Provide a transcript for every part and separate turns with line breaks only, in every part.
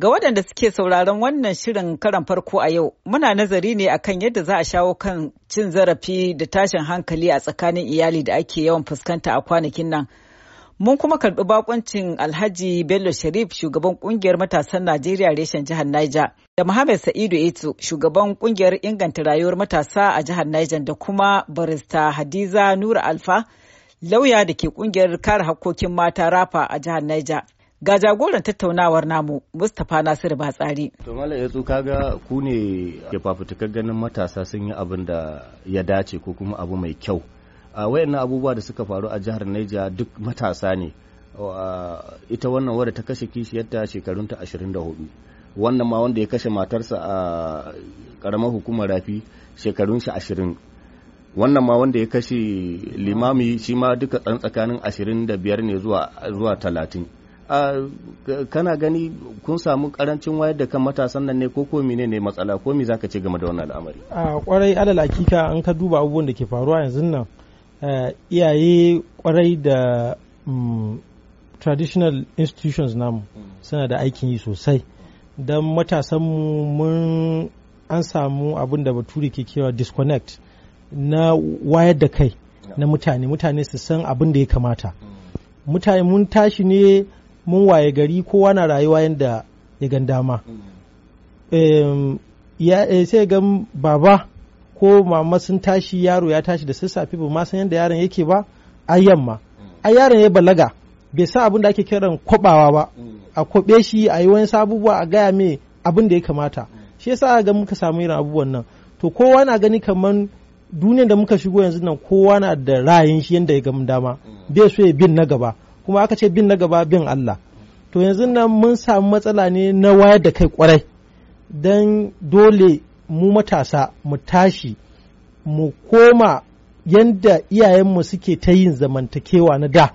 Ga waɗanda suke sauraron wannan shirin karan farko a yau, muna nazari ne akan yadda za a shawo kan cin zarafi da tashin hankali a tsakanin iyali da ake yawan fuskanta a kwanakin nan. Mun kuma karɓi bakoncin Alhaji Bello Sharif shugaban ƙungiyar matasan Najeriya reshen jihar Niger da Muhammad Sa'idu Etu shugaban ƙungiyar inganta rayuwar matasa a jihar Niger da kuma barista Hadiza Nura Alfa lauya da ke ƙungiyar kare hakkokin mata Rafa a jihar Niger. Ga jagoran tattaunawar namu Mustapha Nasiru Batsari.
To Malam Yatsu kaga ku ne ke fafutukar ganin matasa sun yi abin da ya dace ko kuma abu mai kyau. A wayannan abubuwa da suka faru a jihar Niger duk matasa ne. ita wannan wadda ta kashe kishiyarta da 24 wannan ma wanda ya kashe matarsa a karamar hukumar rafi shekarun shi 20 wannan ma wanda ya kashe limami shi ma duka ashirin tsakanin 25 ne zuwa talatin. kana gani kun samu karancin wayar da kan matasan nan ne ko ko mine ne matsala ko me zaka ce game da wannan al'amari
a kwarai alal hakika an ka duba abubuwan da ke faruwa yanzu nan eh, iyaye kwarai da mm, traditional institutions namu suna da aikin yi sosai don matasanmu mun an samu abin da bature ke cewa disconnect na wayar da kai na mutane mutane su san abin da ya kamata mm. mutane mun tashi ne mun waye gari kowa na rayuwa yadda ya gan dama eh, sai gan baba ko mama sun tashi yaro ya tashi da sassafe ba ma san yadda yaron yake ba a yamma a yaron ya balaga bai sa abin da ake kiran kwabawa ba a kwabe shi a yi wani abubuwa a gaya mai abin da ya kamata shi yasa ga muka samu irin abubuwan nan to kowa na gani kamar duniyar da muka shigo yanzu nan kowa na da ra'ayin shi yadda ya gamu dama bai so ya bin na gaba kuma aka ce bin na gaba bin Allah to yanzu nan mun samu matsala ne na wayar da kai kwarai don dole mu matasa mu tashi mu koma yadda iyayenmu suke ta yin zamantakewa na da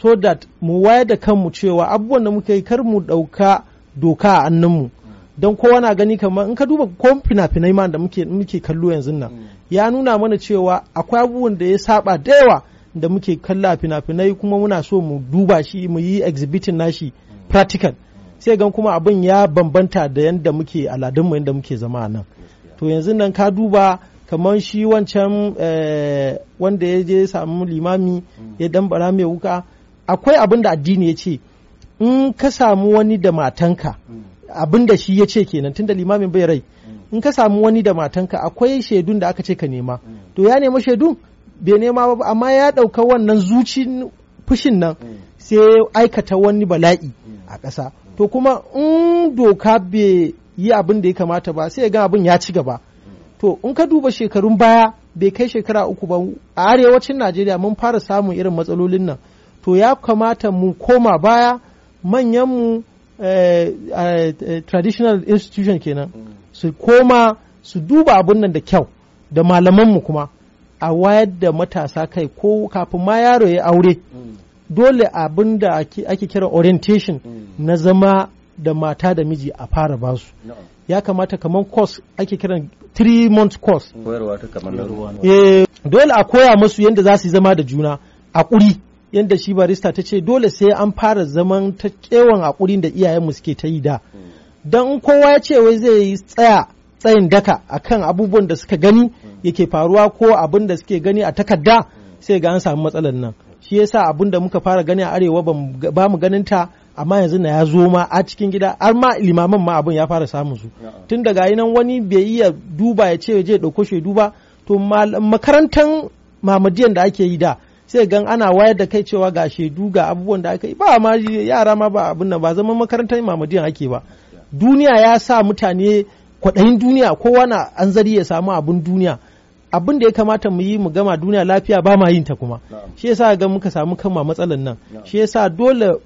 so that mu wayar da kanmu cewa abubuwan da muke kar mu ɗauka doka a annanmu don kowa na gani kamar in ka duba ko fina-finai ma da muke kallo yanzu nan ya nuna mana cewa akwai abubuwan da ya saba da yawa da muke kalla fina-finai kuma muna so mu duba shi mu yi exhibiting nashi practical sai gan kuma abin ya bambanta da yadda muke aladunmu yadda muke zama nan to yanzu nan ka duba kamar shi wancan eh, wanda ya je samu limami ya dan bara mai wuka akwai abin da addini ya ce in ka samu wani da matanka abin da shi ya ce kenan tunda limamin bai rai in ka samu wani da matanka akwai shaidun da aka ce ka nema to ya nema shaidun bai nema ba amma ya ɗauka wannan zuci fushin nan mm. sai ya aikata wani bala'i mm. a ƙasa to kuma in doka bai yi abin da ya kamata ba sai ya ga abin ya ci gaba mm. to in ka duba shekarun baya bai kai shekara uku ba a arewacin najeriya mun fara samun irin matsalolin nan to ya kamata mu koma baya manyanmu eh, eh, traditional institution kenan su koma su duba abin nan da kyau da malamanmu kuma a wayar da matasa kai ko kafin ma yaro ya aure mm. dole abin da ake kira orientation mm. na zama da mata da miji a fara basu ya kamata kamar course ake kiran 3 month course
ta
eh, dole a koya musu yadda za su zama da juna a ƙuri yadda shi barista ta ce dole sai an fara zaman ta kewan a ƙurin da iyayenmu suke ta yi da mm. don kowa ya ce wai zai tsaya tsayin daka akan abubuwan da suka gani yake faruwa ko abin da suke gani a takarda sai ga an samu matsalar nan shi yasa abin da muka fara gani a arewa ba mu ganin ta amma yanzu na ya zo ma a cikin gida har ma limaman ma abin ya fara samun su tun daga nan wani bai iya duba ya ce je dauko shi duba to makarantan mamadiyan da ake yi da sai gan ana wayar da kai cewa ga shaidu ga abubuwan da aka yi ba ma yara ma ba abin nan ba zama makarantar mamadiyan ake ba duniya ya sa mutane kwaɗayin duniya kowa na an zari ya samu abin duniya abin da ya kamata mu yi mu gama duniya lafiya ba ma yin ta kuma shi yasa ga muka samu kama matsalan nan shi yasa dole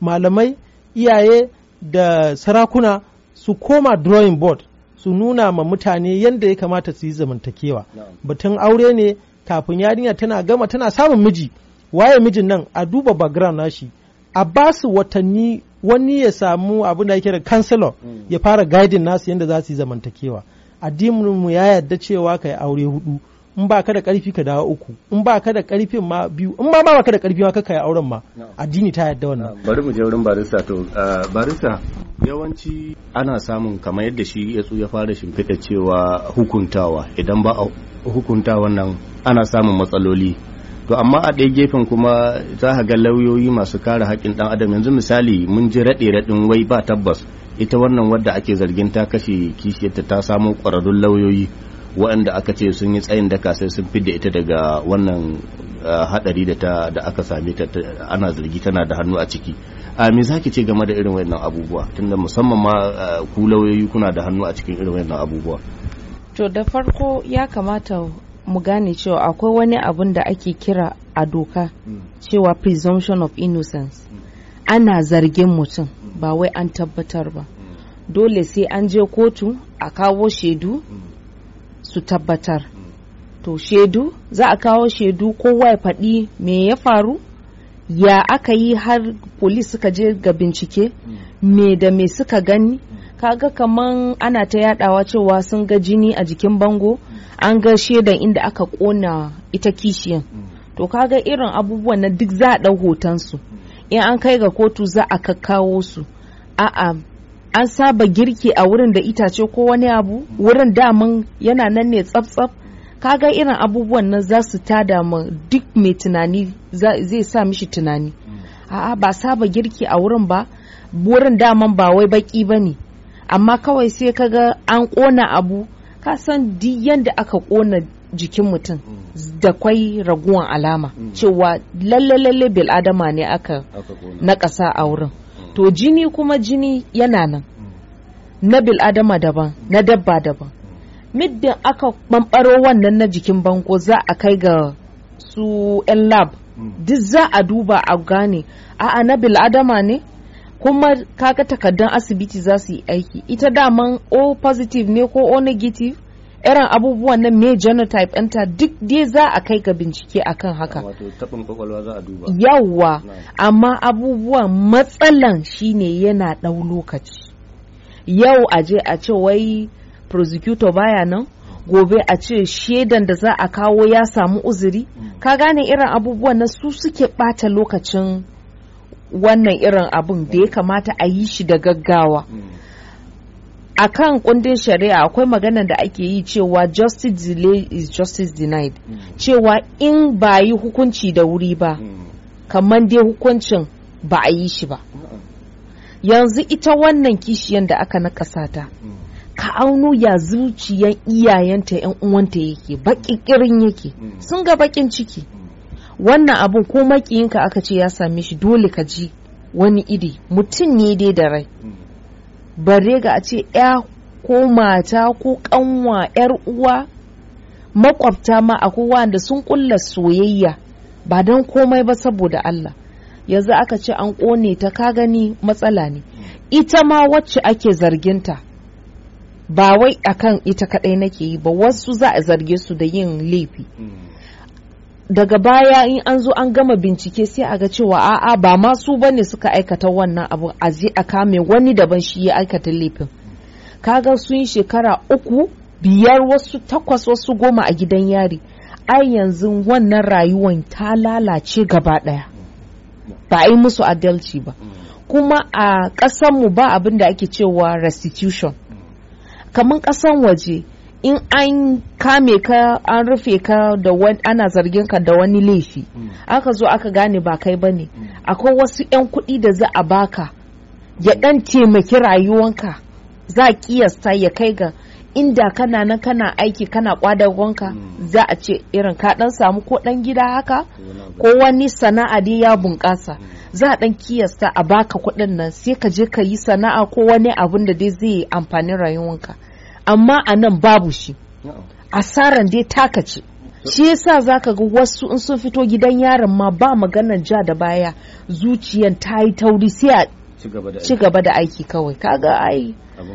malamai iyaye da sarakuna su koma drawing board su nuna ma mutane yadda ya kamata su yi zamantakewa batun aure ne kafin yarinya tana gama tana samun miji waye mijin nan a duba background nashi a ba su watanni wani ya samu abin da ake da kansilo mm. ya fara guiding nasu yadda za su yi zamantakewa addininmu ya yarda cewa ka yi aure hudu in ba ka da karfi ka dawo uku in ba ka da karfin ma biyu in ma ba ka da karfi ma ka kai auren ma addini ta yarda wannan ah,
bari mu je wurin barista to ah, barista
yawanci
ana samun kamar yadda shi ya ya fara shimfiɗa cewa hukuntawa idan ba a hukunta wannan ana samun matsaloli to amma a ɗaya gefen kuma za ka ga lauyoyi masu kare haƙƙin ɗan adam yanzu misali mun ji raɗe raɗin wai ba tabbas ita wannan wadda ake zargin ta kashe kishiyarta ta samo ƙwararrun lauyoyi waɗanda aka ce sun yi tsayin daka sai sun fidda ita daga wannan eh, haɗari da ta da aka same ta ana zargi tana da hannu a ciki a me zaki ce game da irin wannan abubuwa tunda musamman ma eh, ku lauyoyi kuna da hannu a cikin irin wannan
abubuwa to da farko ya kamata mu gane cewa akwai wani abun da ake kira a doka mm. cewa presumption of innocence ana zargin mutum mm. ba wai an tabbatar ba mm. dole sai an je kotu a kawo shaidu su tabbatar to shaidu za a kawo shaidu kowa ya faɗi me ya faru ya aka yi har polis suka je ga bincike me da me suka gani kaga kaman ana ta yadawa cewa sun ga jini a jikin bango an ga shaidan inda aka kona ita kishiyan mm. to kaga irin abubuwan na duk za a hoton su in an kai ga kotu za a kakkawo su a'a an saba girki a wurin da itace ko wani abu wurin daman yana nan ne tsaf-tsaf kaga irin abubuwan nan za su tada mu duk mai tunani zai sa mishi tunani mm. a'a ba saba girki a wurin ba wurin daman ba wai baki ba ne amma kawai sai ka ga an kona abu ka san duk yadda aka ƙona jikin mutum mm. da kwai raguwan alama mm. cewa lalle lalle bil ne aka naƙasa a wurin mm. to jini kuma jini yana nan na bil adama daban na dabba daban middin aka ɓamɓaro wannan na jikin banko za a kai ga su 'yan lab duk za a duba a gane a'a na bil adama ne kuma kaga takaddun asibiti za su yi aiki ita daman o positive ne ko o negative irin abubuwan na me genotype ɗinta duk dai za a kai ga bincike akan haka ah, yawwa amma abubuwan matsalan shine yana ɗau lokaci yau a je a ce wai prosecutor baya nan gobe a ce shaidan da za a kawo ya samu uzuri mm. ka gane irin abubuwan na su suke ɓata lokacin wannan irin abun da ya kamata a yi shi da gaggawa a kan kundin shari'a akwai maganar da ake yi cewa justice delay is justice denied cewa in ba a yi hukunci da wuri ba kamar dai hukuncin ba a yi shi ba yanzu ita wannan kishiyan da aka nakasa ta ka auno ya zuciyan iyayenta yan uwanta yake baƙiƙirin irin yake sun ga baƙin ciki wannan abun ko makiyinka aka ce ya same shi dole ka ji wani iri mutum ne dai da rai hmm. bare ga a ce ya ko mata ko kanwa yar uwa makwabta ma a kowa da sun kulla soyayya ba don komai ba saboda Allah yanzu aka ce an kone ta ka gani matsala ne hmm. ita ma wacce ake zarginta ba wai akan ita kadai nake yi ba wasu za a zarge su da yin laifi hmm. daga baya in an zo an gama bincike sai a ga cewa a'a ba ma su bane suka aikata wannan abu a je a kame wani daban shi ya aikata laifin kaga sun yi shekara uku biyar wasu takwas wasu goma a gidan yari ai yanzu wannan rayuwan ta lalace gaba daya ba a yi musu adalci ba kuma a ƙasanmu ba abin da ake cewa restitution kamar ƙasan waje in an kame ka an rufe ka da wani ana zargin ka da wani laifi hmm. aka zo aka gane ba kai bane ne hmm. akwai wasu 'yan kuɗi da za a baka ya ɗan taimaki rayuwanka za a kiyasta ya kai ga inda kana nan kana aiki kana kwadagonka mm. za a ce irin ka ɗan samu ko ɗan gida haka ko wani sana'a dai ya bunƙasa hmm. za a ɗan kiyasta a baka kuɗin nan sai ka je ka yi sana'a ko wani abun da dai zai amfani rayuwanka. amma a nan babu shi asaran dai taka ce shi yasa zaka ga wasu in sun fito gidan yaron ma ba maganar ja da baya zuciyan ta yi tauri sai a ci gaba da aiki kawai kaga ai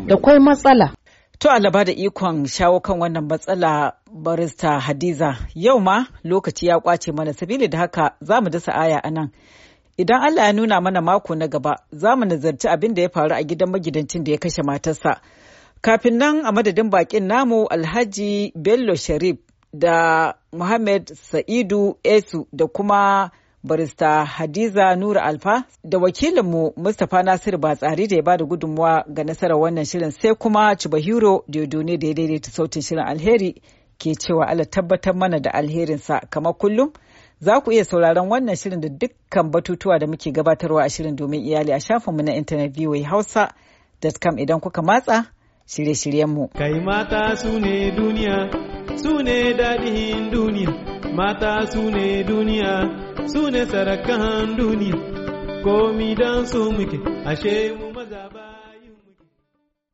da kwai matsala
To alaba da ikon shawo kan wannan matsala barista Hadiza yau ma lokaci ya kwace mana sabili da haka za mu dasa aya a nan. Idan Allah ya nuna mana mako na gaba za mu nazarci abin da ya faru a gidan magidancin da ya kashe matarsa. Kafin nan a madadin bakin namu Alhaji Bello Sharif da Muhammad Sa'idu Esu da kuma barista Hadiza Nura Alfa da wakilinmu Mustapha Nasir Batsari da ya bada gudunmawa ga nasarar wannan shirin sai kuma Chibahiro Diodone da ya daidaita sautin shirin alheri ke cewa Ala tabbatar mana da alherinsa kamar kullum. Za ku iya sauraron wannan shirin da dukkan batutuwa da muke gabatarwa a shirin domin iyali a shafinmu na intanet voahausa.com idan kuka matsa. shirye-shiryenmu. Kai
mata su ne duniya, su ne daɗin duniya, mata su ne duniya, su ne sarakan duniya, komi don su muke, ashe mu.